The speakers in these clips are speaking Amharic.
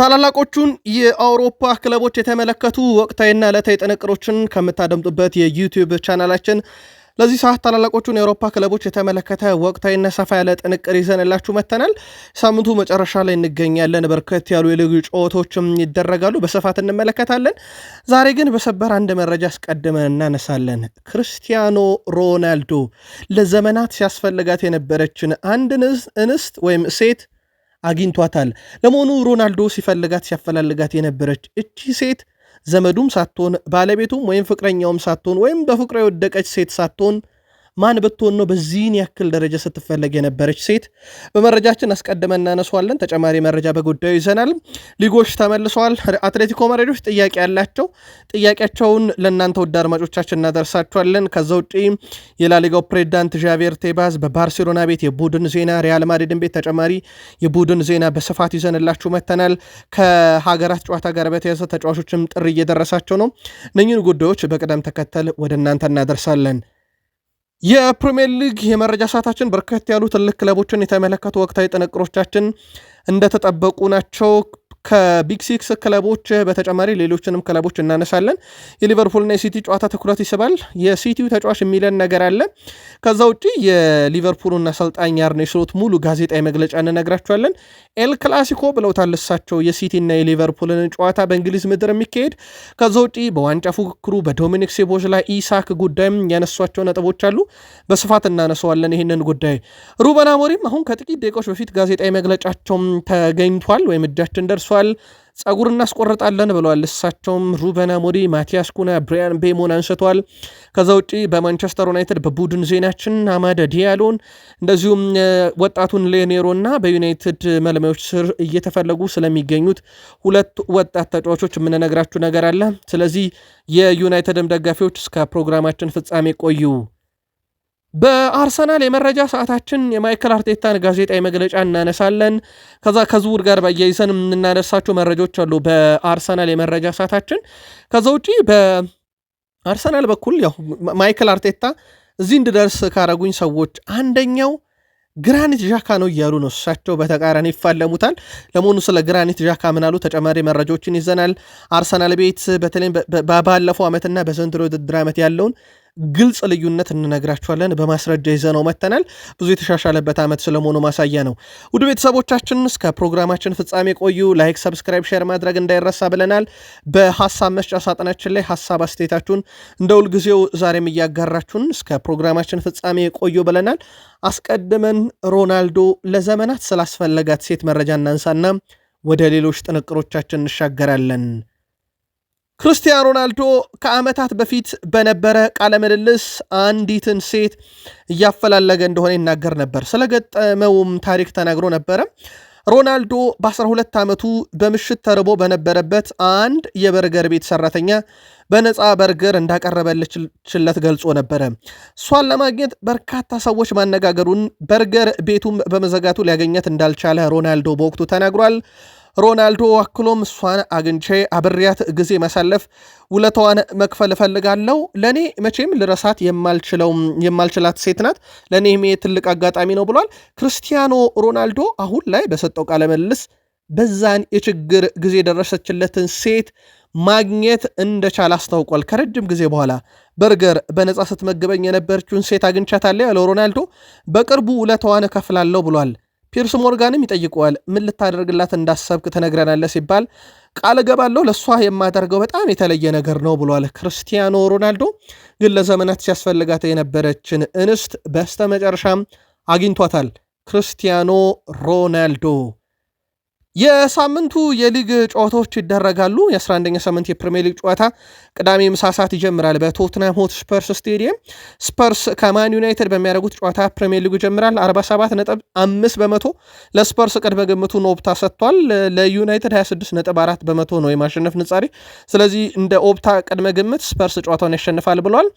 ታላላቆቹን የአውሮፓ ክለቦች የተመለከቱ ወቅታዊና ዕለታዊ ጥንቅሮችን ከምታደምጡበት የዩቲዩብ ቻናላችን ለዚህ ሰዓት ታላላቆቹን የአውሮፓ ክለቦች የተመለከተ ወቅታዊና ሰፋ ያለ ጥንቅር ይዘንላችሁ መተናል። ሳምንቱ መጨረሻ ላይ እንገኛለን። በርከት ያሉ የልዩ ጨዋታዎችም ይደረጋሉ፣ በስፋት እንመለከታለን። ዛሬ ግን በሰበር አንድ መረጃ አስቀድመን እናነሳለን። ክርስቲያኖ ሮናልዶ ለዘመናት ሲያስፈልጋት የነበረችን አንድ እንስት ወይም ሴት አግኝቷታል። ለመሆኑ ሮናልዶ ሲፈልጋት ሲያፈላልጋት የነበረች እቺ ሴት ዘመዱም ሳትሆን ባለቤቱም ወይም ፍቅረኛውም ሳትሆን ወይም በፍቅር የወደቀች ሴት ሳትሆን ማን ብትሆን ነው በዚህን ያክል ደረጃ ስትፈለግ የነበረች ሴት? በመረጃችን አስቀድመን እናነሷለን። ተጨማሪ መረጃ በጉዳዩ ይዘናል። ሊጎች ተመልሰዋል። አትሌቲኮ መሬዶች ጥያቄ ያላቸው ጥያቄያቸውን ለእናንተ ውድ አድማጮቻችን እናደርሳቸዋለን። ከዛ ውጪ የላሊጋው ፕሬዚዳንት ዣቬር ቴባዝ በባርሴሎና ቤት የቡድን ዜና፣ ሪያል ማድሪድን ቤት ተጨማሪ የቡድን ዜና በስፋት ይዘንላችሁ መተናል። ከሀገራት ጨዋታ ጋር በተያዘ ተጫዋቾችም ጥሪ እየደረሳቸው ነው። እነኝን ጉዳዮች በቅደም ተከተል ወደ እናንተ እናደርሳለን። የፕሪምየር ሊግ የመረጃ ሰዓታችን በርከት ያሉ ትልቅ ክለቦችን የተመለከቱ ወቅታዊ ጥንቅሮቻችን እንደተጠበቁ ናቸው። ከቢግ ሲክስ ክለቦች በተጨማሪ ሌሎችንም ክለቦች እናነሳለን። የሊቨርፑልና የሲቲ ጨዋታ ትኩረት ይስባል። የሲቲው ተጫዋች የሚለን ነገር አለ። ከዛ ውጪ የሊቨርፑልና አሰልጣኝ አርኔ ስሎት ሙሉ ጋዜጣዊ መግለጫ እንነግራቸዋለን። ኤል ክላሲኮ ብለውታል እሳቸው የሲቲና የሊቨርፑልን ጨዋታ በእንግሊዝ ምድር የሚካሄድ። ከዛ ውጪ በዋንጫ ፉክክሩ በዶሚኒክ ሴቦች ላይ ኢሳክ ጉዳይም ያነሷቸው ነጥቦች አሉ። በስፋት እናነሰዋለን ይህንን ጉዳይ። ሩበን አሞሪም አሁን ከጥቂት ደቂቃዎች በፊት ጋዜጣዊ መግለጫቸውም ተገኝቷል ወይም እጃችን ደርሷል። ደርሷል። ጸጉር እናስቆርጣለን ብለዋል። እሳቸውም ሩበን አሞሪም፣ ማቲያስ ኩና፣ ብሪያን ቤሞን አንስተዋል። ከዛ ውጪ በማንቸስተር ዩናይትድ በቡድን ዜናችን አማደ ዲያሎን እንደዚሁም ወጣቱን ሌኔሮና በዩናይትድ መልማዮች ስር እየተፈለጉ ስለሚገኙት ሁለት ወጣት ተጫዋቾች የምንነግራችሁ ነገር አለ። ስለዚህ የዩናይትድም ደጋፊዎች እስከ ፕሮግራማችን ፍጻሜ ቆዩ። በአርሰናል የመረጃ ሰዓታችን የማይክል አርቴታን ጋዜጣዊ መግለጫ እናነሳለን። ከዛ ከዝውውር ጋር በያይዘን የምናነሳቸው መረጃዎች አሉ በአርሰናል የመረጃ ሰዓታችን። ከዛ ውጪ በአርሰናል በኩል ያው ማይክል አርቴታ እዚህ እንድደርስ ካረጉኝ ሰዎች አንደኛው ግራኒት ዣካ ነው እያሉ ነው። እሳቸው በተቃራኒ ይፋለሙታል። ለመሆኑ ስለ ግራኒት ዣካ ምናሉ? ተጨማሪ መረጃዎችን ይዘናል። አርሰናል ቤት በተለይም ባለፈው ዓመትና በዘንድሮ ውድድር ዓመት ያለውን ግልጽ ልዩነት እንነግራችኋለን። በማስረጃ ይዘነው መተናል። ብዙ የተሻሻለበት ዓመት ስለመሆኑ ማሳያ ነው። ውድ ቤተሰቦቻችን እስከ ፕሮግራማችን ፍጻሜ ቆዩ። ላይክ፣ ሰብስክራይብ፣ ሼር ማድረግ እንዳይረሳ ብለናል። በሀሳብ መስጫ ሳጥናችን ላይ ሀሳብ አስተያየታችሁን እንደ ሁልጊዜው ዛሬም እያጋራችሁን እስከ ፕሮግራማችን ፍጻሜ ቆዩ ብለናል። አስቀድመን ሮናልዶ ለዘመናት ስላስፈለጋት ሴት መረጃ እናንሳና ወደ ሌሎች ጥንቅሮቻችን እንሻገራለን። ክርስቲያኖ ሮናልዶ ከዓመታት በፊት በነበረ ቃለ ምልልስ አንዲትን ሴት እያፈላለገ እንደሆነ ይናገር ነበር። ስለገጠመውም ታሪክ ተናግሮ ነበረ። ሮናልዶ በ12 ዓመቱ በምሽት ተርቦ በነበረበት አንድ የበርገር ቤት ሰራተኛ በነፃ በርገር እንዳቀረበለችለት ገልጾ ነበረ። እሷን ለማግኘት በርካታ ሰዎች ማነጋገሩን፣ በርገር ቤቱም በመዘጋቱ ሊያገኘት እንዳልቻለ ሮናልዶ በወቅቱ ተናግሯል። ሮናልዶ አክሎም እሷን አግኝቼ አብሬያት ጊዜ ማሳለፍ ውለታዋን መክፈል እፈልጋለሁ። ለእኔ መቼም ልረሳት የማልችላት ሴት ናት። ለእኔ ትልቅ አጋጣሚ ነው ብሏል። ክርስቲያኖ ሮናልዶ አሁን ላይ በሰጠው ቃለ ምልልስ በዛን የችግር ጊዜ የደረሰችለትን ሴት ማግኘት እንደቻለ አስታውቋል። ከረጅም ጊዜ በኋላ በርገር በነጻ ስትመግበኝ የነበረችውን ሴት አግኝቻታለሁ ያለው ሮናልዶ በቅርቡ ውለታዋን እከፍላለሁ ብሏል። ፒርስ ሞርጋንም ይጠይቀዋል። ምን ልታደርግላት እንዳሰብክ ትነግረናለህ ሲባል ቃል እገባለሁ ለእሷ የማደርገው በጣም የተለየ ነገር ነው ብሏል። ክርስቲያኖ ሮናልዶ ግን ለዘመናት ሲያስፈልጋት የነበረችን እንስት በስተመጨረሻም አግኝቷታል። ክርስቲያኖ ሮናልዶ የሳምንቱ የሊግ ጨዋታዎች ይደረጋሉ። የ11ኛ ሳምንት የፕሪሚየር ሊግ ጨዋታ ቅዳሜ ምሳ ሰዓት ይጀምራል በቶትናም ሆትስፐርስ ስቴዲየም። ስፐርስ ከማን ዩናይትድ በሚያደርጉት ጨዋታ ፕሪሚየር ሊጉ ይጀምራል። 47 ነጥብ 5 በመቶ ለስፐርስ ቅድመ ግምቱ ኖብታ ሰጥቷል። ለዩናይትድ 26 ነጥብ 4 በመቶ ነው የማሸነፍ ንጻሬ። ስለዚህ እንደ ኦብታ ቅድመ ግምት ስፐርስ ጨዋታውን ያሸንፋል ብሏል።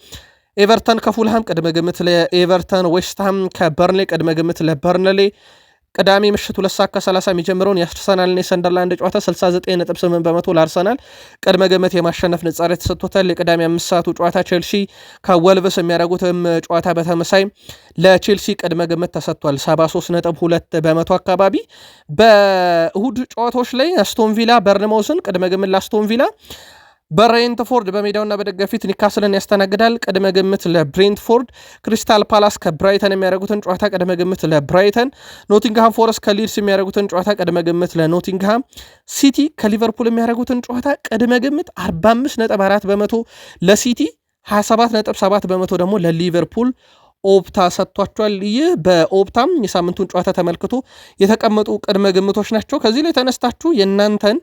ኤቨርተን ከፉልሃም ቅድመ ግምት ለኤቨርተን፣ ዌስትሃም ከበርንሌ ቅድመ ግምት ለበርንሌ ቅዳሜ ምሽት ሁለት ሰዓት ከ30 የሚጀምረውን የአርሰናልና የሰንደርላንድ ጨዋታ 69.8 በመቶ ለአርሰናል ቅድመ ገመት የማሸነፍ ንጻሬ ተሰጥቶታል። የቅዳሜ አምስት ሰዓቱ ጨዋታ ቼልሲ ከወልቭስ የሚያደርጉትም ጨዋታ በተመሳይ ለቼልሲ ቅድመ ግምት ተሰጥቷል 73.2 በመቶ አካባቢ። በእሁድ ጨዋታዎች ላይ አስቶንቪላ በርንማውስን ቅድመ ግምት ለአስቶንቪላ በሬንትፎርድ በሜዳውና በደጋፊት ኒካስልን ያስተናግዳል። ቅድመ ግምት ለብሬንትፎርድ። ክሪስታል ፓላስ ከብራይተን የሚያደርጉትን ጨዋታ ቅድመ ግምት ለብራይተን። ኖቲንግሃም ፎረስት ከሊድስ የሚያደርጉትን ጨዋታ ቅድመ ግምት ለኖቲንግሃም። ሲቲ ከሊቨርፑል የሚያደርጉትን ጨዋታ ቅድመ ግምት 45.4 በመቶ ለሲቲ፣ 27.7 በመቶ ደግሞ ለሊቨርፑል ኦፕታ ሰጥቷቸዋል። ይህ በኦፕታም የሳምንቱን ጨዋታ ተመልክቶ የተቀመጡ ቅድመ ግምቶች ናቸው። ከዚህ ላይ ተነስታችሁ የእናንተን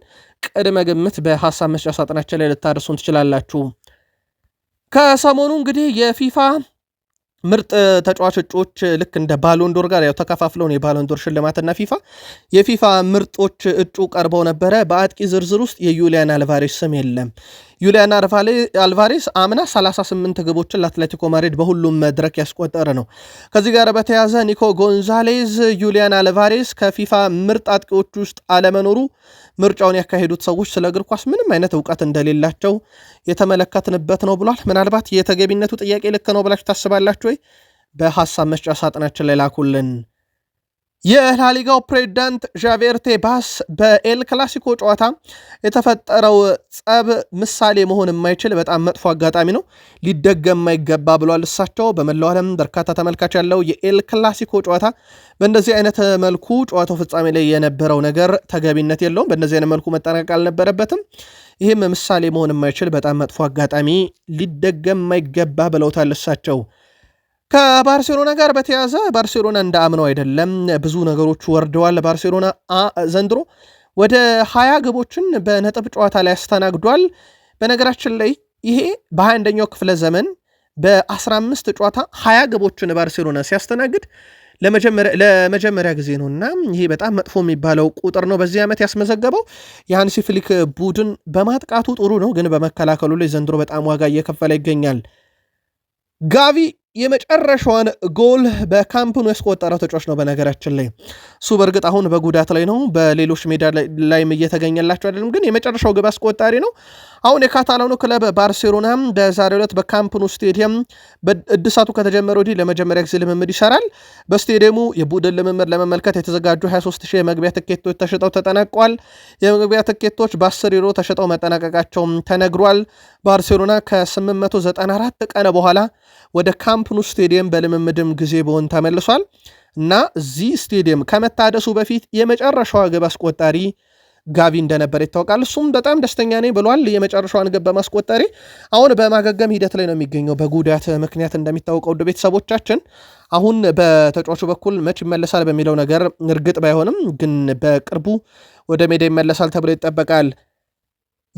ቅድመ ግምት በሀሳብ መስጫ ሳጥናችን ላይ ልታደርሱን ትችላላችሁ። ከሰሞኑ እንግዲህ የፊፋ ምርጥ ተጫዋች እጩዎች ልክ እንደ ባሎንዶር ጋር ያው ተከፋፍለውን የባሎንዶር ሽልማትና ፊፋ የፊፋ ምርጦች እጩ ቀርበው ነበረ። በአጥቂ ዝርዝር ውስጥ የዩሊያን አልቫሬስ ስም የለም። ዩሊያን አልቫሬስ አምና 38 ግቦችን ለአትሌቲኮ ማድሪድ በሁሉም መድረክ ያስቆጠረ ነው። ከዚህ ጋር በተያዘ ኒኮ ጎንዛሌዝ ዩሊያን አልቫሬስ ከፊፋ ምርጥ አጥቂዎች ውስጥ አለመኖሩ ምርጫውን ያካሄዱት ሰዎች ስለ እግር ኳስ ምንም አይነት እውቀት እንደሌላቸው የተመለከትንበት ነው ብሏል። ምናልባት የተገቢነቱ ጥያቄ ልክ ነው ብላችሁ ታስባላችሁ ወይ? በሀሳብ መስጫ ሳጥናችን ላይ ላኩልን። የላሊጋው ፕሬዝዳንት ዣቬር ቴባስ በኤል ክላሲኮ ጨዋታ የተፈጠረው ጸብ ምሳሌ መሆን የማይችል በጣም መጥፎ አጋጣሚ ነው፣ ሊደገም የማይገባ ብሏል። እሳቸው በመላው ዓለም በርካታ ተመልካች ያለው የኤል ክላሲኮ ጨዋታ በእንደዚህ አይነት መልኩ ጨዋታው ፍጻሜ ላይ የነበረው ነገር ተገቢነት የለውም። በእንደዚህ አይነት መልኩ መጠናቀቅ አልነበረበትም። ይህም ምሳሌ መሆን የማይችል በጣም መጥፎ አጋጣሚ ሊደገም የማይገባ ብለውታል እሳቸው ከባርሴሎና ጋር በተያዘ ባርሴሎና እንደ አምነው አይደለም። ብዙ ነገሮች ወርደዋል። ባርሴሎና ዘንድሮ ወደ ሀያ ግቦችን በነጥብ ጨዋታ ላይ አስተናግዷል። በነገራችን ላይ ይሄ በ21ኛው ክፍለ ዘመን በ15 ጨዋታ ሀያ ግቦችን ባርሴሎና ሲያስተናግድ ለመጀመሪያ ጊዜ ነው እና ይሄ በጣም መጥፎ የሚባለው ቁጥር ነው በዚህ ዓመት ያስመዘገበው። የሃንሲ ፍሊክ ቡድን በማጥቃቱ ጥሩ ነው፣ ግን በመከላከሉ ላይ ዘንድሮ በጣም ዋጋ እየከፈለ ይገኛል። ጋቪ የመጨረሻዋን ጎል በካምፕኑ ያስቆጠረው ተጫዋች ነው። በነገራችን ላይ እሱ በእርግጥ አሁን በጉዳት ላይ ነው፣ በሌሎች ሜዳ ላይም እየተገኘላቸው አይደለም፣ ግን የመጨረሻው ግብ አስቆጣሪ ነው። አሁን የካታላኑ ክለብ ባርሴሎና በዛሬው ዕለት በካምፕኑ ስቴዲየም እድሳቱ ከተጀመረ ወዲህ ለመጀመሪያ ጊዜ ልምምድ ይሰራል። በስቴዲየሙ የቡድን ልምምድ ለመመልከት የተዘጋጁ 23 ሺህ የመግቢያ ትኬቶች ተሽጠው ተጠናቋል። የመግቢያ ትኬቶች በ10 ዩሮ ተሽጠው መጠናቀቃቸውም ተነግሯል። ባርሴሎና ከ894 ቀን በኋላ ወደ ካምፕኑ ስቴዲየም በልምምድም ጊዜ በሆን ተመልሷል እና እዚህ ስቴዲየም ከመታደሱ በፊት የመጨረሻዋ ግብ አስቆጣሪ ጋቢ እንደነበር ይታወቃል። እሱም በጣም ደስተኛ ነኝ ብሏል። የመጨረሻዋን ግብ በማስቆጠሪ አሁን በማገገም ሂደት ላይ ነው የሚገኘው በጉዳት ምክንያት እንደሚታወቀው ውድ ቤተሰቦቻችን። አሁን በተጫዋቹ በኩል መች ይመለሳል በሚለው ነገር እርግጥ ባይሆንም ግን በቅርቡ ወደ ሜዳ ይመለሳል ተብሎ ይጠበቃል።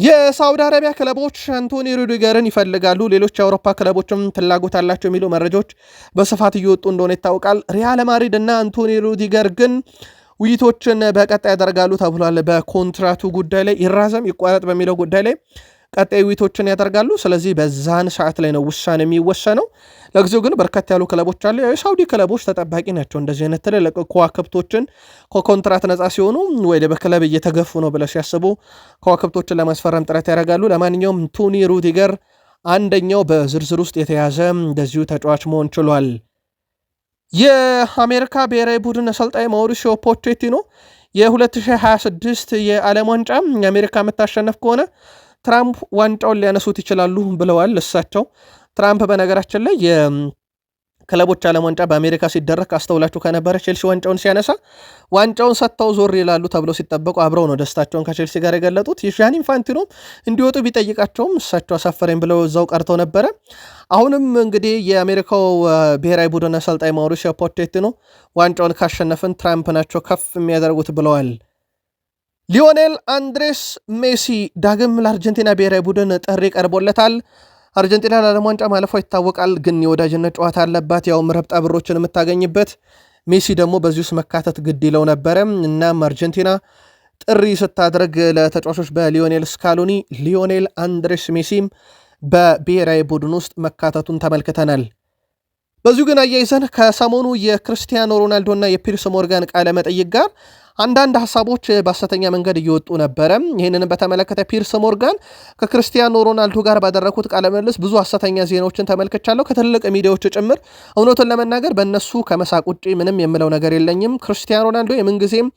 የሳውዲ አረቢያ ክለቦች አንቶኒ ሩዲገርን ይፈልጋሉ፣ ሌሎች የአውሮፓ ክለቦችም ፍላጎት አላቸው የሚሉ መረጃዎች በስፋት እየወጡ እንደሆነ ይታወቃል። ሪያል ማድሪድ እና አንቶኒ ሩዲገር ግን ውይይቶችን በቀጣይ ያደርጋሉ ተብሏል። በኮንትራቱ ጉዳይ ላይ ይራዘም ይቋረጥ በሚለው ጉዳይ ላይ ቀጣይ ውይይቶችን ያደርጋሉ። ስለዚህ በዛን ሰዓት ላይ ነው ውሳኔ የሚወሰነው። ለጊዜው ግን በርከት ያሉ ክለቦች አሉ። የሳውዲ ክለቦች ተጠባቂ ናቸው። እንደዚህ አይነት ትልልቅ ከዋክብቶችን ከኮንትራት ነጻ ሲሆኑ ወይ በክለብ እየተገፉ ነው ብለው ሲያስቡ ከዋክብቶችን ለማስፈረም ጥረት ያደርጋሉ። ለማንኛውም ቱኒ ሩዲገር አንደኛው በዝርዝር ውስጥ የተያዘ እንደዚሁ ተጫዋች መሆን ችሏል። የአሜሪካ ብሔራዊ ቡድን አሰልጣኝ ማውሪሲዮ ፖቼቲኖ የ2026 የዓለም ዋንጫ የአሜሪካ የምታሸነፍ ከሆነ ትራምፕ ዋንጫውን ሊያነሱት ይችላሉ ብለዋል። እሳቸው ትራምፕ በነገራችን ላይ ክለቦች ዓለም ዋንጫ በአሜሪካ ሲደረግ አስተውላችሁ ከነበረ ቼልሲ ዋንጫውን ሲያነሳ ዋንጫውን ሰጥተው ዞር ይላሉ ተብለው ሲጠበቁ አብረው ነው ደስታቸውን ከቼልሲ ጋር የገለጡት። የሻን ኢንፋንቲኖ እንዲወጡ ቢጠይቃቸውም እሳቸው አሳፈረኝ ብለው እዛው ቀርተው ነበረ። አሁንም እንግዲህ የአሜሪካው ብሔራዊ ቡድን አሰልጣኝ ማውሪሲዮ ፖቼቲኖ ዋንጫውን ካሸነፍን ትራምፕ ናቸው ከፍ የሚያደርጉት ብለዋል። ሊዮኔል አንድሬስ ሜሲ ዳግም ለአርጀንቲና ብሔራዊ ቡድን ጥሪ ቀርቦለታል። አርጀንቲና ለዓለም ዋንጫ ማለፏ ይታወቃል፣ ግን የወዳጅነት ጨዋታ አለባት፣ ያውም ረብጣ ብሮችን የምታገኝበት። ሜሲ ደግሞ በዚህ ውስጥ መካተት ግድ ይለው ነበረ። እናም አርጀንቲና ጥሪ ስታደርግ ለተጫዋቾች በሊዮኔል ስካሎኒ ሊዮኔል አንድሬስ ሜሲም በብሔራዊ ቡድን ውስጥ መካተቱን ተመልክተናል። በዚሁ ግን አያይዘን ከሰሞኑ የክርስቲያኖ ሮናልዶና የፒርስ ሞርጋን ቃለ መጠይቅ ጋር አንዳንድ ሀሳቦች በሐሰተኛ መንገድ እየወጡ ነበረ። ይህንንም በተመለከተ ፒርስ ሞርጋን ከክርስቲያኖ ሮናልዶ ጋር ባደረግኩት ቃለ ብዙ ሐሰተኛ ዜናዎችን ተመልክቻለሁ፣ ከትልቅ ሚዲያዎች ጭምር። እውነቱን ለመናገር በእነሱ ከመሳቅ ውጭ ምንም የምለው ነገር የለኝም። ክርስቲያን ሮናልዶ የምንጊዜም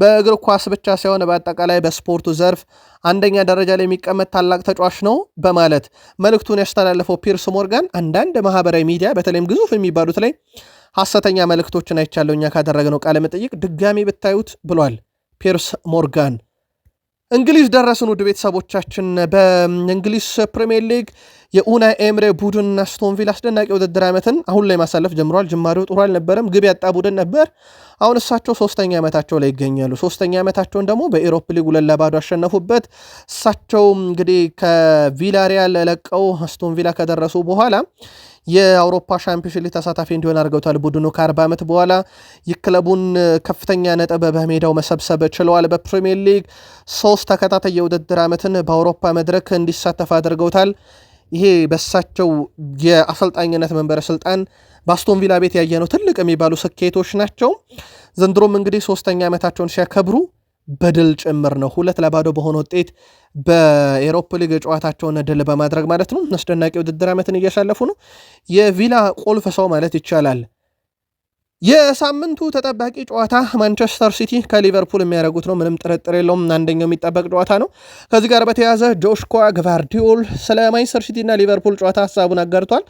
በእግር ኳስ ብቻ ሳይሆን በአጠቃላይ በስፖርቱ ዘርፍ አንደኛ ደረጃ ላይ የሚቀመጥ ታላቅ ተጫዋች ነው በማለት መልእክቱን ያስተላለፈው ፒርስ ሞርጋን አንዳንድ ማህበራዊ ሚዲያ በተለይም ግዙፍ የሚባሉት ላይ ሐሰተኛ መልእክቶችን አይቻለው እኛ ካደረግነው ቃለ መጠይቅ ድጋሚ ብታዩት ብሏል ፒርስ ሞርጋን። እንግሊዝ ደረስን ውድ ቤተሰቦቻችን። በእንግሊዝ ፕሪምየር ሊግ የኡናይ ኤምሬ ቡድንና አስቶን አስደናቂ ውድድር ዓመትን አሁን ላይ ማሳለፍ ጀምረዋል። ጅማሬው ጥሩ አልነበረም፣ ግብ ያጣ ቡድን ነበር። አሁን እሳቸው ሶስተኛ ዓመታቸው ላይ ይገኛሉ። ሶስተኛ ዓመታቸውን ደግሞ በኤሮፕ ሊግ ሁለት ለባዶ ያሸነፉበት እሳቸው እንግዲህ ከቪላሪያል ለቀው ስቶንቪላ ከደረሱ በኋላ የአውሮፓ ሻምፒዮንስ ሊግ ተሳታፊ እንዲሆን አድርገውታል። ቡድኑ ከ40 ዓመት በኋላ የክለቡን ከፍተኛ ነጥብ በሜዳው መሰብሰብ ችለዋል። በፕሪሚየር ሊግ ሶስት ተከታታይ የውድድር ዓመትን በአውሮፓ መድረክ እንዲሳተፍ አድርገውታል። ይሄ በሳቸው የአሰልጣኝነት መንበረ ስልጣን በአስቶን ቪላ ቤት ያየነው ትልቅ የሚባሉ ስኬቶች ናቸው። ዘንድሮም እንግዲህ ሶስተኛ ዓመታቸውን ሲያከብሩ በድል ጭምር ነው። ሁለት ለባዶ በሆነ ውጤት በኤሮፕ ሊግ ጨዋታቸውን ድል በማድረግ ማለት ነው። አስደናቂ ውድድር ዓመትን እያሳለፉ ነው። የቪላ ቁልፍ ሰው ማለት ይቻላል። የሳምንቱ ተጠባቂ ጨዋታ ማንቸስተር ሲቲ ከሊቨርፑል የሚያደርጉት ነው። ምንም ጥርጥር የለውም። አንደኛው የሚጠበቅ ጨዋታ ነው። ከዚህ ጋር በተያያዘ ጆሽኳ ግቫርዲዮል ስለ ማንቸስተር ሲቲ እና ሊቨርፑል ጨዋታ ሀሳቡን አጋርቷል።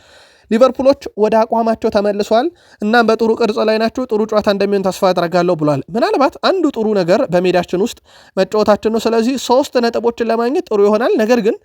ሊቨርፑሎች ወደ አቋማቸው ተመልሰዋል። እናም በጥሩ ቅርጽ ላይ ናቸው። ጥሩ ጨዋታ እንደሚሆን ተስፋ አደርጋለሁ ብሏል። ምናልባት አንዱ ጥሩ ነገር በሜዳችን ውስጥ መጫወታችን ነው። ስለዚህ ሶስት ነጥቦችን ለማግኘት ጥሩ ይሆናል። ነገር ግን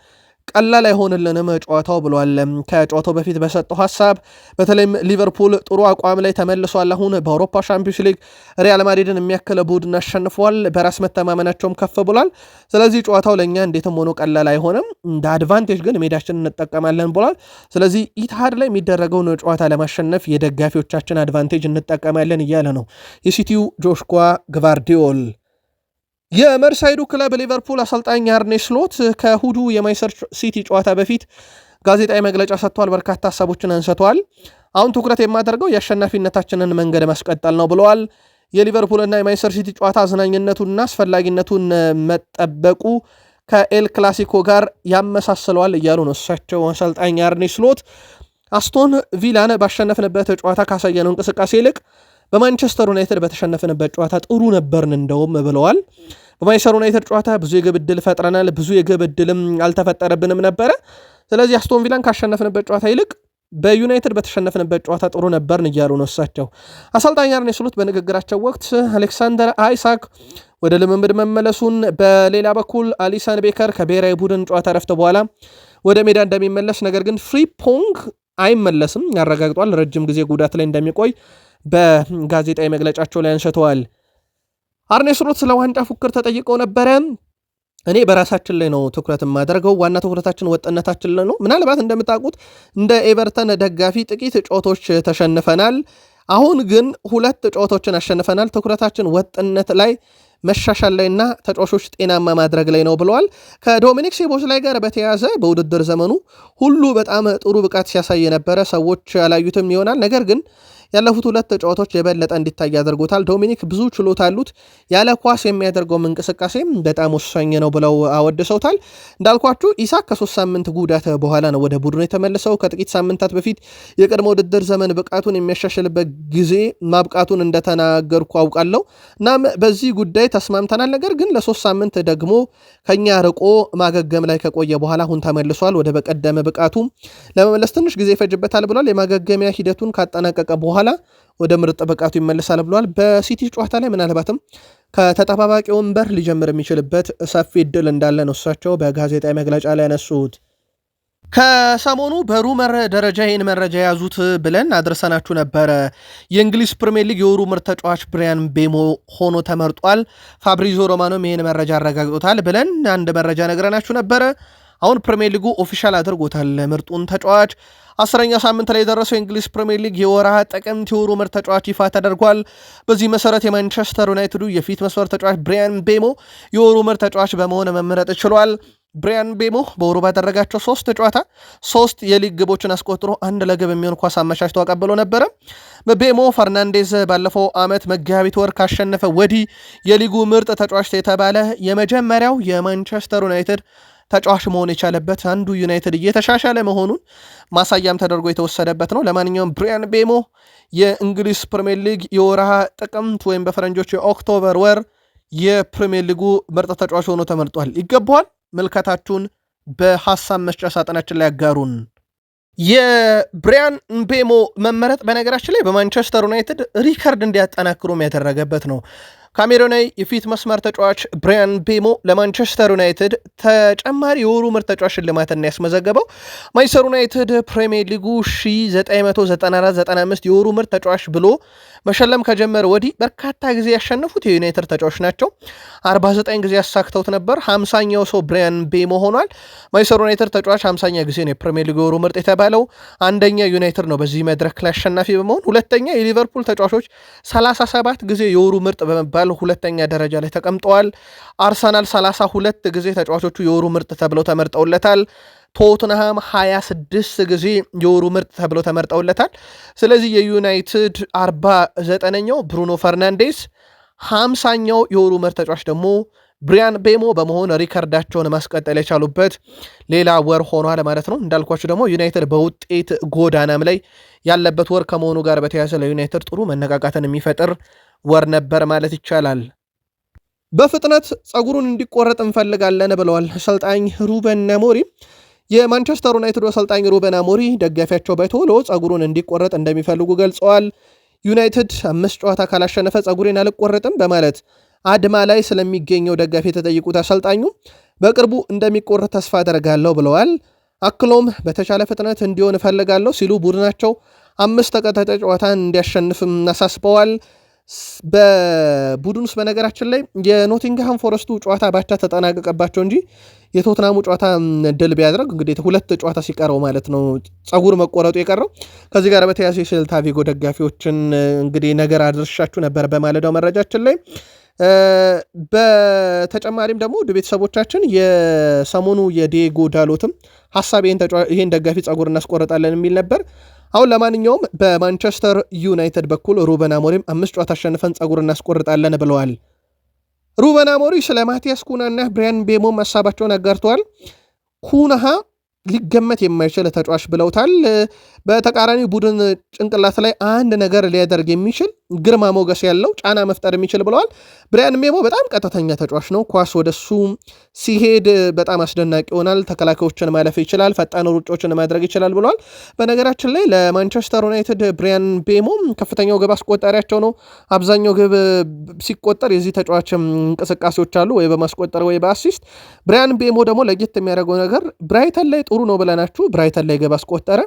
ቀላል አይሆንልንም ጨዋታው ብሏል። ከጨዋታው በፊት በሰጠው ሀሳብ በተለይም ሊቨርፑል ጥሩ አቋም ላይ ተመልሷል። አሁን በአውሮፓ ሻምፒዮንስ ሊግ ሪያል ማድሪድን የሚያክል ቡድን አሸንፏል። በራስ መተማመናቸውም ከፍ ብሏል። ስለዚህ ጨዋታው ለእኛ እንዴትም ሆኖ ቀላል አይሆንም፣ እንደ አድቫንቴጅ ግን ሜዳችን እንጠቀማለን ብሏል። ስለዚህ ኢትሃድ ላይ የሚደረገውን ጨዋታ ለማሸነፍ የደጋፊዎቻችን አድቫንቴጅ እንጠቀማለን እያለ ነው የሲቲው ጆሽኳ ግቫርዲዮል የመርሳይዱ ክለብ ሊቨርፑል አሰልጣኝ አርኔ ስሎት ከእሁዱ የማይሰር ሲቲ ጨዋታ በፊት ጋዜጣዊ መግለጫ ሰጥተዋል። በርካታ ሀሳቦችን አንስተዋል። አሁን ትኩረት የማደርገው የአሸናፊነታችንን መንገድ ማስቀጠል ነው ብለዋል። የሊቨርፑልና የማይሰር ሲቲ ጨዋታ አዝናኝነቱንና አስፈላጊነቱን መጠበቁ ከኤል ክላሲኮ ጋር ያመሳስለዋል እያሉ ነው እሳቸው አሰልጣኝ አርኔ ስሎት። አስቶን ቪላን ባሸነፍንበት ጨዋታ ካሳየነው እንቅስቃሴ ይልቅ በማንቸስተር ዩናይትድ በተሸነፍንበት ጨዋታ ጥሩ ነበርን እንደውም ብለዋል። በማንቸስተር ዩናይትድ ጨዋታ ብዙ የግብ ዕድል ፈጥረናል፣ ብዙ የግብ ዕድልም አልተፈጠረብንም ነበረ። ስለዚህ አስቶን ቪላን ካሸነፍንበት ጨዋታ ይልቅ በዩናይትድ በተሸነፍንበት ጨዋታ ጥሩ ነበርን እያሉ ነው እሳቸው። አሰልጣኝ አርኔ ስሎት በንግግራቸው ወቅት አሌክሳንደር አይሳክ ወደ ልምምድ መመለሱን፣ በሌላ በኩል አሊሰን ቤከር ከብሔራዊ ቡድን ጨዋታ ረፍተ በኋላ ወደ ሜዳ እንደሚመለስ ነገር ግን ፍሪፖንግ አይመለስም ያረጋግጧል። ረጅም ጊዜ ጉዳት ላይ እንደሚቆይ በጋዜጣዊ መግለጫቸው ላይ አንስተዋል። አርኔ ስሎት ስለ ዋንጫ ፉክር ተጠይቀው ነበረ። እኔ በራሳችን ላይ ነው ትኩረት የማደርገው። ዋና ትኩረታችን ወጥነታችን ላይ ነው። ምናልባት እንደምታውቁት እንደ ኤቨርተን ደጋፊ ጥቂት ጨዋታዎች ተሸንፈናል። አሁን ግን ሁለት ጨዋታዎችን አሸንፈናል። ትኩረታችን ወጥነት ላይ መሻሻል ላይና ተጫዋቾች ጤናማ ማድረግ ላይ ነው ብለዋል። ከዶሚኒክ ሶቦስላይ ጋር በተያያዘ በውድድር ዘመኑ ሁሉ በጣም ጥሩ ብቃት ሲያሳይ ነበረ። ሰዎች ያላዩትም ይሆናል ነገር ግን ያለፉት ሁለት ተጫዋቾች የበለጠ እንዲታይ ያደርጉታል። ዶሚኒክ ብዙ ችሎታ አሉት፣ ያለ ኳስ የሚያደርገውም እንቅስቃሴም በጣም ወሳኝ ነው ብለው አወድሰውታል። እንዳልኳችሁ ኢሳክ ከሶስት ሳምንት ጉዳት በኋላ ነው ወደ ቡድኑ የተመለሰው። ከጥቂት ሳምንታት በፊት የቅድመ ውድድር ዘመን ብቃቱን የሚያሻሽልበት ጊዜ ማብቃቱን እንደተናገርኩ አውቃለሁ። እናም በዚህ ጉዳይ ተስማምተናል። ነገር ግን ለሶስት ሳምንት ደግሞ ከኛ ርቆ ማገገም ላይ ከቆየ በኋላ አሁን ተመልሷል። ወደ በቀደመ ብቃቱ ለመመለስ ትንሽ ጊዜ ይፈጅበታል ብሏል። የማገገሚያ ሂደቱን ካጠናቀቀ በኋላ በኋላ ወደ ምርጥ ብቃቱ ይመለሳል ብለዋል። በሲቲ ጨዋታ ላይ ምናልባትም ከተጠባባቂ ወንበር ሊጀምር የሚችልበት ሰፊ እድል እንዳለ ነው እሳቸው በጋዜጣዊ መግለጫ ላይ ያነሱት። ከሰሞኑ በሩመር ደረጃ ይህን መረጃ የያዙት ብለን አድርሰናችሁ ነበረ። የእንግሊዝ ፕሪምየር ሊግ የወሩ ምርጥ ተጫዋች ብሪያን ቤሞ ሆኖ ተመርጧል። ፋብሪዞ ሮማኖም ይህን መረጃ አረጋግጦታል ብለን አንድ መረጃ ነግረናችሁ ነበረ። አሁን ፕሪሚየር ሊጉ ኦፊሻል አድርጎታል ምርጡን ተጫዋች። አስረኛ ሳምንት ላይ የደረሰው የእንግሊዝ ፕሪሚየር ሊግ የወርሃ ጥቅምት የወሩ ምርጥ ተጫዋች ይፋ ተደርጓል። በዚህ መሰረት የማንቸስተር ዩናይትዱ የፊት መስመር ተጫዋች ብሪያን ቤሞ የወሩ ምርጥ ተጫዋች በመሆን መመረጥ ችሏል። ብሪያን ቤሞ በወሩ ባደረጋቸው ሶስት ጨዋታ ሶስት የሊግ ግቦችን አስቆጥሮ አንድ ለግብ የሚሆን ኳስ አመቻችቶ አቀብሎ ነበረ። በቤሞ ፈርናንዴዝ ባለፈው ዓመት መጋቢት ወር ካሸነፈ ወዲህ የሊጉ ምርጥ ተጫዋች የተባለ የመጀመሪያው የማንቸስተር ዩናይትድ ተጫዋች መሆን የቻለበት አንዱ ዩናይትድ እየተሻሻለ መሆኑን ማሳያም ተደርጎ የተወሰደበት ነው። ለማንኛውም ብሪያን ቤሞ የእንግሊዝ ፕሪምየር ሊግ የወርሃ ጥቅምት ወይም በፈረንጆች የኦክቶበር ወር የፕሪምየር ሊጉ ምርጥ ተጫዋች ሆኖ ተመርጧል። ይገባዋል? ምልከታችሁን በሀሳብ መስጫ ሳጥናችን ላይ ያጋሩን። የብሪያን ቤሞ መመረጥ በነገራችን ላይ በማንቸስተር ዩናይትድ ሪከርድ እንዲያጠናክሩም ያደረገበት ነው። ካሜሮናዊ የፊት መስመር ተጫዋች ብሪያን ቤሞ ለማንቸስተር ዩናይትድ ተጨማሪ የወሩ ምርጥ ተጫዋች ሽልማትን ያስመዘገበው ማንቸስተር ዩናይትድ ፕሪሚየር ሊጉ 1994/95 የወሩ ምርጥ ተጫዋች ብሎ መሸለም ከጀመረ ወዲህ በርካታ ጊዜ ያሸነፉት የዩናይትድ ተጫዋች ናቸው። 49 ጊዜ ያሳክተውት ነበር። 50ኛው ሰው ብሪያን ቤሞ ሆኗል። ማይሰር ዩናይትድ ተጫዋች 50ኛ ጊዜ ነው የፕሪሚየር ሊግ ወሩ ምርጥ የተባለው። አንደኛ ዩናይትድ ነው በዚህ መድረክ ላይ አሸናፊ በመሆን ሁለተኛ የሊቨርፑል ተጫዋቾች 37 ጊዜ የወሩ ምርጥ በመባል ሁለተኛ ደረጃ ላይ ተቀምጠዋል። አርሰናል 32 ጊዜ ተጫዋቾቹ የወሩ ምርጥ ተብለው ተመርጠውለታል። ቶትንሃም 26 ጊዜ የወሩ ምርጥ ተብሎ ተመርጠውለታል። ስለዚህ የዩናይትድ 49ኛው ብሩኖ ፈርናንዴስ፣ 50ኛው የወሩ ምርጥ ተጫዋች ደግሞ ብሪያን ቤሞ በመሆን ሪከርዳቸውን ማስቀጠል የቻሉበት ሌላ ወር ሆኗል ማለት ነው። እንዳልኳችሁ ደግሞ ዩናይትድ በውጤት ጎዳናም ላይ ያለበት ወር ከመሆኑ ጋር በተያያዘ ለዩናይትድ ጥሩ መነቃቃትን የሚፈጥር ወር ነበር ማለት ይቻላል። በፍጥነት ጸጉሩን እንዲቆረጥ እንፈልጋለን ብለዋል አሰልጣኝ ሩበን አሞሪም። የማንቸስተር ዩናይትድ አሰልጣኝ ሩበን አሞሪ ደጋፊያቸው በቶሎ ጸጉሩን እንዲቆረጥ እንደሚፈልጉ ገልጸዋል። ዩናይትድ አምስት ጨዋታ ካላሸነፈ ጸጉሬን አልቆረጥም በማለት አድማ ላይ ስለሚገኘው ደጋፊ የተጠይቁት አሰልጣኙ በቅርቡ እንደሚቆረጥ ተስፋ አደርጋለሁ ብለዋል። አክሎም በተቻለ ፍጥነት እንዲሆን እፈልጋለሁ ሲሉ ቡድናቸው አምስት ተከታታይ ጨዋታን እንዲያሸንፍም አሳስበዋል። በቡድን ውስጥ በነገራችን ላይ የኖቲንግሃም ፎረስቱ ጨዋታ ባቻ ተጠናቀቀባቸው እንጂ የቶትናሙ ጨዋታ ድል ቢያደረግ እንግዲህ ሁለት ጨዋታ ሲቀረው ማለት ነው ጸጉር መቆረጡ የቀረው። ከዚህ ጋር በተያያዘ የሴልታ ቪጎ ደጋፊዎችን እንግዲህ ነገር አድርሻችሁ ነበር በማለዳው መረጃችን ላይ። በተጨማሪም ደግሞ ውድ ቤተሰቦቻችን የሰሞኑ የዲየጎ ዳሎትም ሀሳብ ይህን ደጋፊ ጸጉር እናስቆረጣለን የሚል ነበር። አሁን ለማንኛውም በማንቸስተር ዩናይትድ በኩል ሩበን አሞሪም አምስት ጨዋታ አሸንፈን ጸጉር እናስቆርጣለን ብለዋል። ሩበን ሞሪ ስለ ማቲያስ ኩናና ብሪያን ቤሞ ሀሳባቸውን አጋርተዋል። ኩናሃ ሊገመት የማይችል ተጫዋች ብለውታል። በተቃራኒ ቡድን ጭንቅላት ላይ አንድ ነገር ሊያደርግ የሚችል ግርማ ሞገስ ያለው ጫና መፍጠር የሚችል ብለዋል። ብሪያን ሜሞ በጣም ቀጥተኛ ተጫዋች ነው። ኳስ ወደሱ ሲሄድ በጣም አስደናቂ ይሆናል። ተከላካዮችን ማለፍ ይችላል። ፈጣን ሩጮችን ማድረግ ይችላል ብለዋል። በነገራችን ላይ ለማንቸስተር ዩናይትድ ብሪያን ቤሞ ከፍተኛው ግብ አስቆጣሪያቸው ነው። አብዛኛው ግብ ሲቆጠር የዚህ ተጫዋች እንቅስቃሴዎች አሉ ወይ በማስቆጠር ወይ በአሲስት። ብሪያን ቤሞ ደግሞ ለየት የሚያደርገው ነገር ብራይተን ላይ ጥሩ ነው ብለናችሁ ብራይተን ላይ ግብ አስቆጠረ።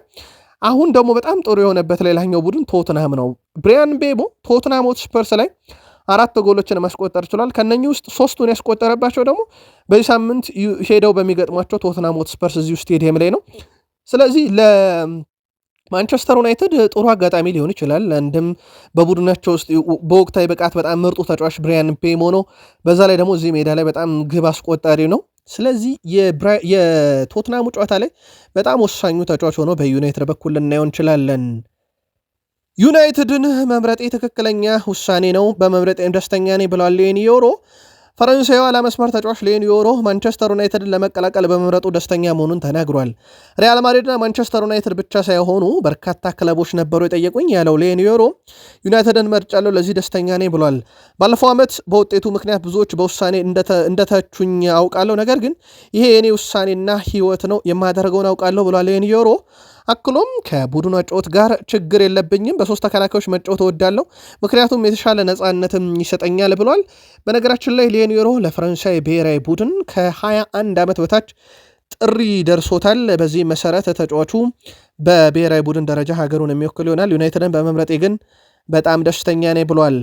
አሁን ደግሞ በጣም ጥሩ የሆነበት ሌላኛው ቡድን ቶትናም ነው። ብሪያን ቤቦ ቶትናም ሆትስፐርስ ላይ አራት ጎሎችን ማስቆጠር ችሏል። ከነኚህ ውስጥ ሶስቱን ያስቆጠረባቸው ደግሞ በዚህ ሳምንት ሄደው በሚገጥሟቸው ቶትናም ሆትስፐርስ እዚሁ ስቴዲየም ላይ ነው። ስለዚህ ለማንቸስተር ዩናይትድ ጥሩ አጋጣሚ ሊሆን ይችላል። አንድም በቡድናቸው ውስጥ በወቅታዊ ብቃት በጣም ምርጡ ተጫዋች ብሪያን ቤሞ ነው። በዛ ላይ ደግሞ እዚህ ሜዳ ላይ በጣም ግብ አስቆጣሪ ነው። ስለዚህ የቶትናሙ ጨዋታ ላይ በጣም ወሳኙ ተጫዋች ሆኖ በዩናይትድ በኩል ልናየው እንችላለን። ዩናይትድን መምረጤ ትክክለኛ ውሳኔ ነው፣ በመምረጤም ደስተኛ ነኝ ብለዋል ዮኒ ዮሮ። ፈረንሳዩ ኋላ ተጫዋች ሌን ዮሮ ማንቸስተር ዩናይትድን ለመቀላቀል በመምረጡ ደስተኛ መሆኑን ተናግሯል። ሪያል ማድሪድና ማንቸስተር ዩናይትድ ብቻ ሳይሆኑ በርካታ ክለቦች ነበሩ የጠየቁኝ ያለው ሌን ዮሮ ዩናይትድን መርጫለሁ፣ ለዚህ ደስተኛ ነኝ ብሏል። ባለፈው ዓመት በውጤቱ ምክንያት ብዙዎች በውሳኔ እንደተቹኝ አውቃለሁ፣ ነገር ግን ይሄ የእኔ ውሳኔና ህይወት ነው፣ የማደርገውን አውቃለሁ ብሏል ሌን ዮሮ አክሎም ከቡድኑ መጫወት ጋር ችግር የለብኝም፣ በሶስት ተከላካዮች መጫወት እወዳለሁ፣ ምክንያቱም የተሻለ ነፃነትም ይሰጠኛል ብሏል። በነገራችን ላይ ሌኒሮ ለፈረንሳይ ብሔራዊ ቡድን ከ21 ዓመት በታች ጥሪ ደርሶታል። በዚህ መሰረት ተጫዋቹ በብሔራዊ ቡድን ደረጃ ሀገሩን የሚወክል ይሆናል። ዩናይትድን በመምረጤ ግን በጣም ደስተኛ ነኝ ብሏል።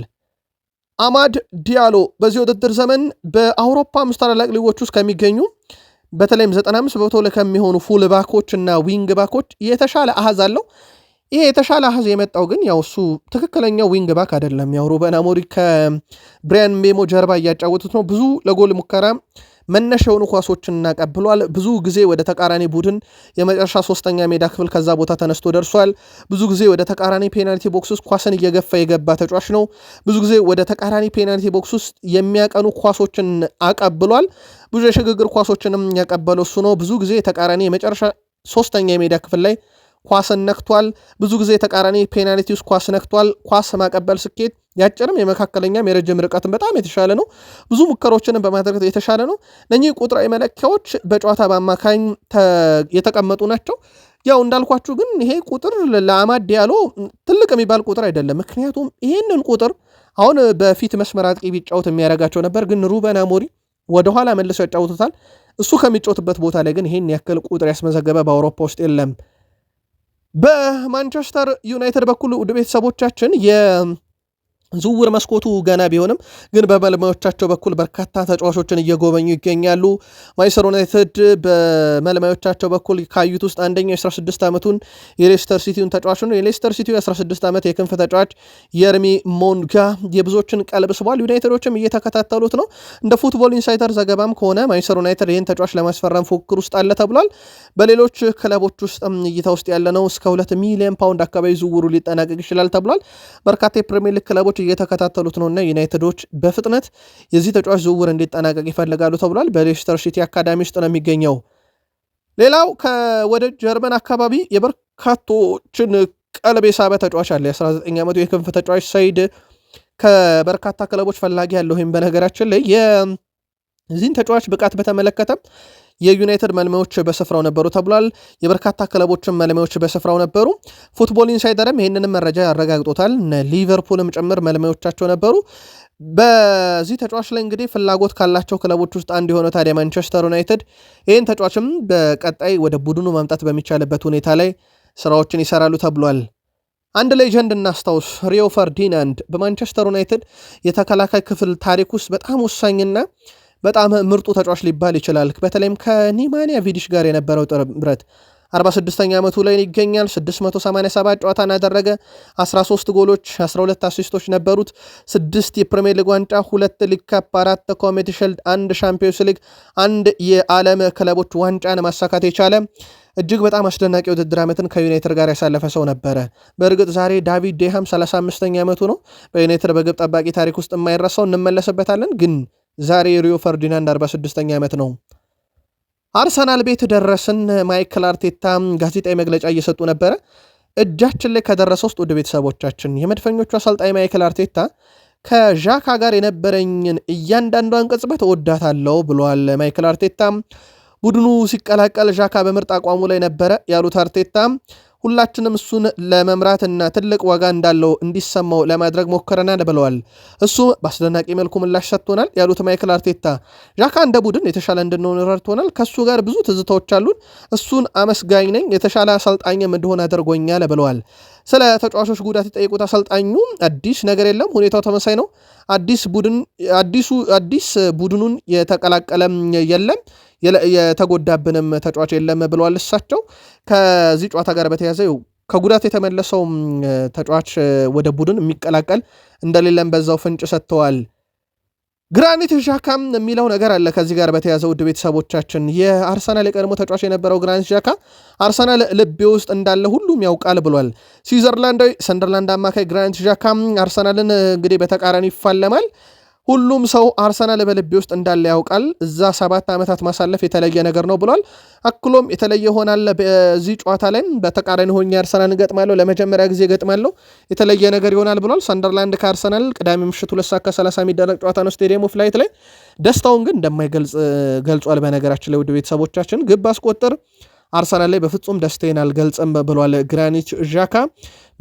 አማድ ዲያሎ በዚህ ውድድር ዘመን በአውሮፓ አምስት ታላላቅ ሊጎች ውስጥ ከሚገኙ በተለይም 95 በመቶ ከሚሆኑ ፉል ባኮች እና ዊንግ ባኮች የተሻለ አሃዝ አለው። ይሄ የተሻለ አሃዝ የመጣው ግን ያው እሱ ትክክለኛው ዊንግ ባክ አይደለም። ያው ሩበን አሞሪ ከብሪያን ቤሞ ጀርባ እያጫወቱት ነው። ብዙ ለጎል ሙከራ መነሻ የሆኑ ኳሶችን እናቀብሏል። ብዙ ጊዜ ወደ ተቃራኒ ቡድን የመጨረሻ ሶስተኛ ሜዳ ክፍል ከዛ ቦታ ተነስቶ ደርሷል። ብዙ ጊዜ ወደ ተቃራኒ ፔናልቲ ቦክስ ውስጥ ኳስን እየገፋ የገባ ተጫዋች ነው። ብዙ ጊዜ ወደ ተቃራኒ ፔናልቲ ቦክስ ውስጥ የሚያቀኑ ኳሶችን አቀብሏል። ብዙ የሽግግር ኳሶችንም ያቀበለው እሱ ነው። ብዙ ጊዜ ተቃራኒ የመጨረሻ ሶስተኛ የሜዳ ክፍል ላይ ኳስን ነክቷል። ብዙ ጊዜ ተቃራኒ ፔናልቲ ውስጥ ኳስ ነክቷል። ኳስ ማቀበል ስኬት ያጭርም የመካከለኛም የረጅም ርቀትን በጣም የተሻለ ነው። ብዙ ሙከራዎችንም በማድረግ የተሻለ ነው። እነኚህ ቁጥራዊ መለኪያዎች በጨዋታ በአማካኝ የተቀመጡ ናቸው። ያው እንዳልኳችሁ ግን ይሄ ቁጥር ለአማድ ዲያሎ ትልቅ የሚባል ቁጥር አይደለም። ምክንያቱም ይህንን ቁጥር አሁን በፊት መስመር አጥቂ ቢጫወት የሚያደርጋቸው ነበር፣ ግን ሩበን አሞሪ ወደኋላ መልሰው ያጫውቱታል። እሱ ከሚጫወትበት ቦታ ላይ ግን ይህን ያክል ቁጥር ያስመዘገበ በአውሮፓ ውስጥ የለም። በማንቸስተር ዩናይትድ በኩል ውድ ቤተሰቦቻችን የ ዝውውር መስኮቱ ገና ቢሆንም ግን በመልማዮቻቸው በኩል በርካታ ተጫዋቾችን እየጎበኙ ይገኛሉ። ማንቸስተር ዩናይትድ በመልማዮቻቸው በኩል ካዩት ውስጥ አንደኛው የ16 ዓመቱን የሌስተር ሲቲውን ተጫዋች ነው። የሌስተር ሲቲው የ16 ዓመት የክንፍ ተጫዋች የርሚ ሞንጋ የብዙዎችን ቀልብ ስቧል። ዩናይትዶችም እየተከታተሉት ነው። እንደ ፉትቦል ኢንሳይደር ዘገባም ከሆነ ማንቸስተር ዩናይትድ ይህን ተጫዋች ለማስፈረም ፉክክር ውስጥ አለ ተብሏል። በሌሎች ክለቦች ውስጥ እይታ ውስጥ ያለ ነው። እስከ ሁለት ሚሊዮን ፓውንድ አካባቢ ዝውውሩ ሊጠናቀቅ ይችላል ተብሏል። በርካታ የፕሪሚየር ሊግ ክለቦች እየተከታተሉት እና ዩናይትዶች በፍጥነት የዚህ ተጫዋች ዝውውር እንዲጠናቀቅ ይፈልጋሉ ተብሏል። በሌስተር ሲቲ አካዳሚ ውስጥ ነው የሚገኘው። ሌላው ወደ ጀርመን አካባቢ የበርካቶችን ቀልብ የሳበ ተጫዋች አለ። የ19 ዓመቱ የክንፍ ተጫዋች ሰይድ ከበርካታ ክለቦች ፈላጊ ያለው። ይህም በነገራችን ላይ የዚህን ተጫዋች ብቃት በተመለከተም የዩናይትድ መልመዎች በስፍራው ነበሩ ተብሏል። የበርካታ ክለቦችን መልመዎች በስፍራው ነበሩ። ፉትቦል ኢንሳይደርም ይህንንም መረጃ ያረጋግጦታል። ሊቨርፑልም ጭምር መልመዎቻቸው ነበሩ። በዚህ ተጫዋች ላይ እንግዲህ ፍላጎት ካላቸው ክለቦች ውስጥ አንዱ የሆነው ታዲያ ማንቸስተር ዩናይትድ ይህን ተጫዋችም በቀጣይ ወደ ቡድኑ ማምጣት በሚቻልበት ሁኔታ ላይ ስራዎችን ይሰራሉ ተብሏል። አንድ ሌጀንድ እናስታውስ። ሪዮ ፈርዲናንድ በማንቸስተር ዩናይትድ የተከላካይ ክፍል ታሪክ ውስጥ በጣም ወሳኝና በጣም ምርጡ ተጫዋች ሊባል ይችላል። በተለይም ከኒማኒያ ቪዲሽ ጋር የነበረው ጥምረት 46ኛ ዓመቱ ላይ ይገኛል። 687 ጨዋታን ያደረገ 13 ጎሎች፣ 12 አሲስቶች ነበሩት። 6 የፕሪሚየር ሊግ ዋንጫ፣ 2 ሊግ ካፕ፣ 4 ኮሚኒቲ ሺልድ፣ 1 ሻምፒዮንስ ሊግ፣ አንድ የዓለም ክለቦች ዋንጫን ማሳካት የቻለ እጅግ በጣም አስደናቂ ውድድር ዓመትን ከዩናይትድ ጋር ያሳለፈ ሰው ነበረ። በእርግጥ ዛሬ ዳቪድ ዴሃም 35ኛ ዓመቱ ነው። በዩናይትድ በግብ ጠባቂ ታሪክ ውስጥ የማይረሳው እንመለስበታለን ግን ዛሬ ሪዮ ፈርዲናንድ 46ኛ ዓመት ነው። አርሰናል ቤት ደረስን። ማይክል አርቴታ ጋዜጣዊ መግለጫ እየሰጡ ነበረ። እጃችን ላይ ከደረሰ ውስጥ ወደ ቤተሰቦቻችን የመድፈኞቹ አሰልጣኝ ማይክል አርቴታ ከዣካ ጋር የነበረኝን እያንዳንዷን ቅጽበት እወዳታለሁ ብሏል። ማይክል አርቴታ ቡድኑ ሲቀላቀል ዣካ በምርጥ አቋሙ ላይ ነበረ ያሉት አርቴታ ሁላችንም እሱን ለመምራትና ትልቅ ዋጋ እንዳለው እንዲሰማው ለማድረግ ሞክረናል ብለዋል። እሱ በአስደናቂ መልኩ ምላሽ ሰጥቶናል ያሉት ማይክል አርቴታ ዣካ እንደ ቡድን የተሻለ እንድንሆን ረድቶናል። ከእሱ ጋር ብዙ ትዝታዎች አሉን። እሱን አመስጋኝ ነኝ። የተሻለ አሰልጣኝም እንደሆነ አድርጎኛል ብለዋል። ስለ ተጫዋቾች ጉዳት የጠየቁት አሰልጣኙ አዲስ ነገር የለም፣ ሁኔታው ተመሳይ ነው። አዲስ ቡድን አዲሱ አዲስ ቡድኑን የተቀላቀለም የለም፣ የተጎዳብንም ተጫዋች የለም ብለዋል። እሳቸው ከዚህ ጨዋታ ጋር በተያያዘ ከጉዳት የተመለሰው ተጫዋች ወደ ቡድን የሚቀላቀል እንደሌለም በዛው ፍንጭ ሰጥተዋል። ግራኒት ዣካም የሚለው ነገር አለ። ከዚህ ጋር በተያዘ ውድ ቤተሰቦቻችን የአርሰናል የቀድሞ ተጫዋች የነበረው ግራኒት ዣካ አርሰናል ልቤ ውስጥ እንዳለ ሁሉም ያውቃል ብሏል። ስዊዘርላንዳዊ ሰንደርላንድ አማካይ ግራኒት ዣካም አርሰናልን እንግዲህ በተቃራኒ ይፋለማል። ሁሉም ሰው አርሰናል በልቤ ውስጥ እንዳለ ያውቃል። እዛ ሰባት ዓመታት ማሳለፍ የተለየ ነገር ነው ብሏል። አክሎም የተለየ ሆናለ በዚህ ጨዋታ ላይም በተቃራኒ ሆኜ አርሰናል እገጥማለሁ፣ ለመጀመሪያ ጊዜ እገጥማለሁ፣ የተለየ ነገር ይሆናል ብሏል። ሰንደርላንድ ከአርሰናል ቅዳሜ ምሽት ሁለት ሰዓት ከሰላሳ የሚደረግ ጨዋታ ነው ስቴዲየም ኦፍ ላይት ላይ። ደስታውን ግን እንደማይገልጽ ገልጿል። በነገራችን ላይ ውድ ቤተሰቦቻችን ግብ አስቆጥር አርሰናል ላይ በፍጹም ደስታዬን አልገልጽም ብሏል። ግራኒት ዣካ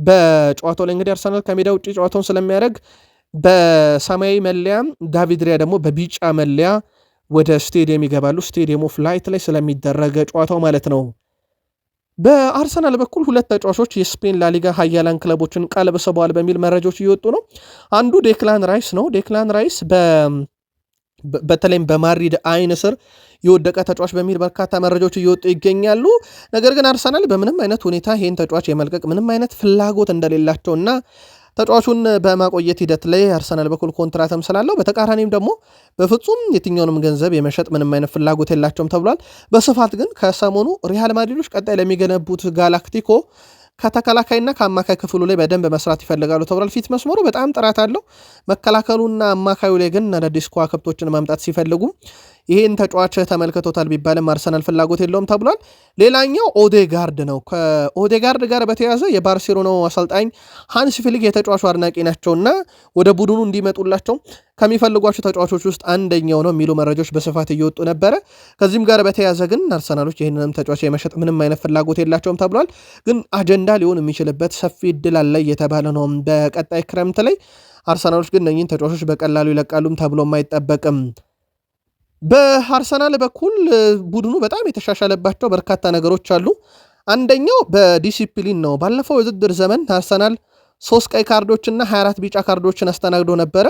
በጨዋታው ላይ እንግዲህ አርሰናል ከሜዳ ውጭ ጨዋታውን ስለሚያደርግ በሰማያዊ መለያ ዳቪድ ሪያ ደግሞ በቢጫ መለያ ወደ ስቴዲየም ይገባሉ። ስቴዲየም ኦፍ ላይት ላይ ስለሚደረገ ጨዋታው ማለት ነው። በአርሰናል በኩል ሁለት ተጫዋቾች የስፔን ላሊጋ ሀያላን ክለቦችን ቀልብስበዋል በሚል መረጃዎች እየወጡ ነው። አንዱ ዴክላን ራይስ ነው። ዴክላን ራይስ በተለይም በማድሪድ አይን ስር የወደቀ ተጫዋች በሚል በርካታ መረጃዎች እየወጡ ይገኛሉ። ነገር ግን አርሰናል በምንም አይነት ሁኔታ ይህን ተጫዋች የመልቀቅ ምንም አይነት ፍላጎት እንደሌላቸው እና ተጫዋቹን በማቆየት ሂደት ላይ አርሰናል በኩል ኮንትራትም ስላለው በተቃራኒም ደግሞ በፍጹም የትኛውንም ገንዘብ የመሸጥ ምንም አይነት ፍላጎት የላቸውም ተብሏል። በስፋት ግን ከሰሞኑ ሪያል ማድሪዶች ቀጣይ ለሚገነቡት ጋላክቲኮ ከተከላካይና ከአማካይ ክፍሉ ላይ በደንብ መስራት ይፈልጋሉ ተብሏል። ፊት መስመሩ በጣም ጥራት አለው። መከላከሉና አማካዩ ላይ ግን አዳዲስ ከዋክብቶችን ማምጣት ሲፈልጉም ይሄን ተጫዋች ተመልክቶታል ቢባልም አርሰናል ፍላጎት የለውም ተብሏል። ሌላኛው ኦዴጋርድ ነው። ከኦዴጋርድ ጋር በተያያዘ የባርሴሎናው አሰልጣኝ ሃንስ ፊሊክ የተጫዋቹ አድናቂ ናቸውና ወደ ቡድኑ እንዲመጡላቸው ከሚፈልጓቸው ተጫዋቾች ውስጥ አንደኛው ነው የሚሉ መረጃዎች በስፋት እየወጡ ነበረ። ከዚህም ጋር በተያያዘ ግን አርሰናሎች ይህንንም ተጫዋች የመሸጥ ምንም አይነት ፍላጎት የላቸውም ተብሏል። ግን አጀንዳ ሊሆን የሚችልበት ሰፊ እድል አለ እየተባለ ነው በቀጣይ ክረምት ላይ አርሰናሎች ግን እነኝህን ተጫዋቾች በቀላሉ ይለቃሉም ተብሎም አይጠበቅም። በአርሰናል በኩል ቡድኑ በጣም የተሻሻለባቸው በርካታ ነገሮች አሉ። አንደኛው በዲሲፕሊን ነው። ባለፈው ውድድር ዘመን አርሰናል ሶስት ቀይ ካርዶችና 24 ቢጫ ካርዶችን አስተናግዶ ነበረ።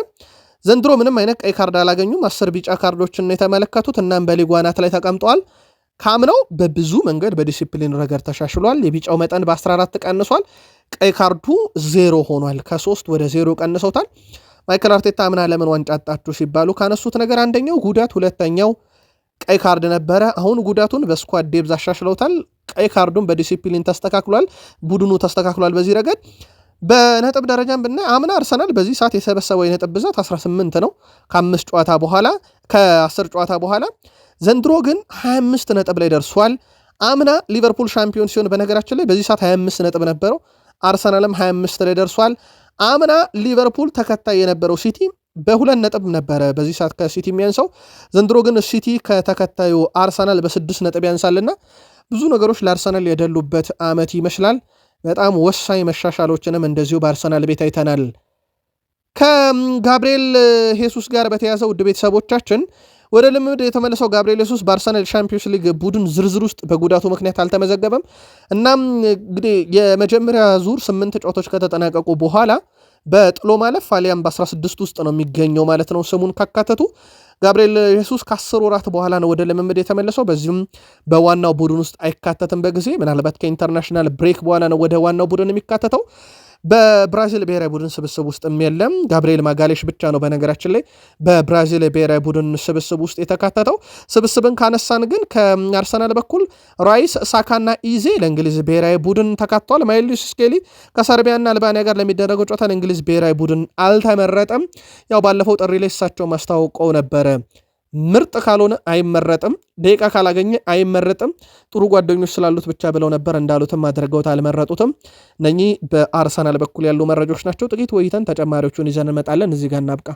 ዘንድሮ ምንም አይነት ቀይ ካርድ አላገኙም። አስር ቢጫ ካርዶችን የተመለከቱት እናም በሊጉ አናት ላይ ተቀምጠዋል። ካምነው በብዙ መንገድ በዲሲፕሊን ረገድ ተሻሽሏል። የቢጫው መጠን በ14 ቀንሷል። ቀይ ካርዱ ዜሮ ሆኗል። ከሶስት ወደ ዜሮ ቀንሰውታል። ማይከል አርቴታ አምና ለምን ዋንጫ አጣችሁ ሲባሉ ካነሱት ነገር አንደኛው ጉዳት፣ ሁለተኛው ቀይ ካርድ ነበረ። አሁን ጉዳቱን በስኳድ ዴብዝ አሻሽለውታል። ቀይ ካርዱን በዲሲፕሊን ተስተካክሏል። ቡድኑ ተስተካክሏል በዚህ ረገድ። በነጥብ ደረጃም ብናይ አምና አርሰናል በዚህ ሰዓት የሰበሰበው የነጥብ ብዛት 18 ነው ከአምስት ጨዋታ በኋላ ከአስር ጨዋታ በኋላ ዘንድሮ ግን 25 ነጥብ ላይ ደርሷል። አምና ሊቨርፑል ሻምፒዮን ሲሆን በነገራችን ላይ በዚህ ሰዓት 25 ነጥብ ነበረው። አርሰናልም 25 ላይ ደርሷል። አምና ሊቨርፑል ተከታይ የነበረው ሲቲ በሁለት ነጥብ ነበረ በዚህ ሰዓት ከሲቲ የሚያንሰው። ዘንድሮ ግን ሲቲ ከተከታዩ አርሰናል በስድስት ነጥብ ያንሳልና ብዙ ነገሮች ለአርሰናል የደሉበት ዓመት ይመስላል። በጣም ወሳኝ መሻሻሎችንም እንደዚሁ በአርሰናል ቤት አይተናል። ከጋብርኤል ሄሱስ ጋር በተያዘው ውድ ቤተሰቦቻችን ወደ ልምምድ የተመለሰው ጋብርኤል ሱስ በአርሰናል ሻምፒዮንስ ሊግ ቡድን ዝርዝር ውስጥ በጉዳቱ ምክንያት አልተመዘገበም። እናም እንግዲህ የመጀመሪያ ዙር ስምንት ጨዋታዎች ከተጠናቀቁ በኋላ በጥሎ ማለፍ አሊያም በ16 ውስጥ ነው የሚገኘው ማለት ነው ስሙን ካካተቱ ጋብርኤል የሱስ ከአስር ወራት በኋላ ነው ወደ ልምምድ የተመለሰው። በዚሁም በዋናው ቡድን ውስጥ አይካተትም በጊዜ ምናልባት ከኢንተርናሽናል ብሬክ በኋላ ነው ወደ ዋናው ቡድን የሚካተተው። በብራዚል ብሔራዊ ቡድን ስብስብ ውስጥም የለም። ጋብርኤል ማጋሌሽ ብቻ ነው በነገራችን ላይ በብራዚል ብሔራዊ ቡድን ስብስብ ውስጥ የተካተተው። ስብስብን ካነሳን ግን ከአርሰናል በኩል ራይስ፣ ሳካና ኢዜ ለእንግሊዝ ብሔራዊ ቡድን ተካትተዋል። ማይልስ ስኬሊ ከሰርቢያና አልባንያ ጋር ለሚደረገው ጨዋታ ለእንግሊዝ ብሔራዊ ቡድን አልተመረጠም። ያው ባለፈው ጥሪ ላይ እሳቸው ማስታወቀው ነበረ ምርጥ ካልሆነ አይመረጥም፣ ደቂቃ ካላገኘ አይመረጥም፣ ጥሩ ጓደኞች ስላሉት ብቻ ብለው ነበር እንዳሉትም አድርገውት አልመረጡትም። እነኚህ በአርሰናል በኩል ያሉ መረጃዎች ናቸው። ጥቂት ወይተን ተጨማሪዎቹን ይዘን እንመጣለን። እዚህ ጋር እናብቃ።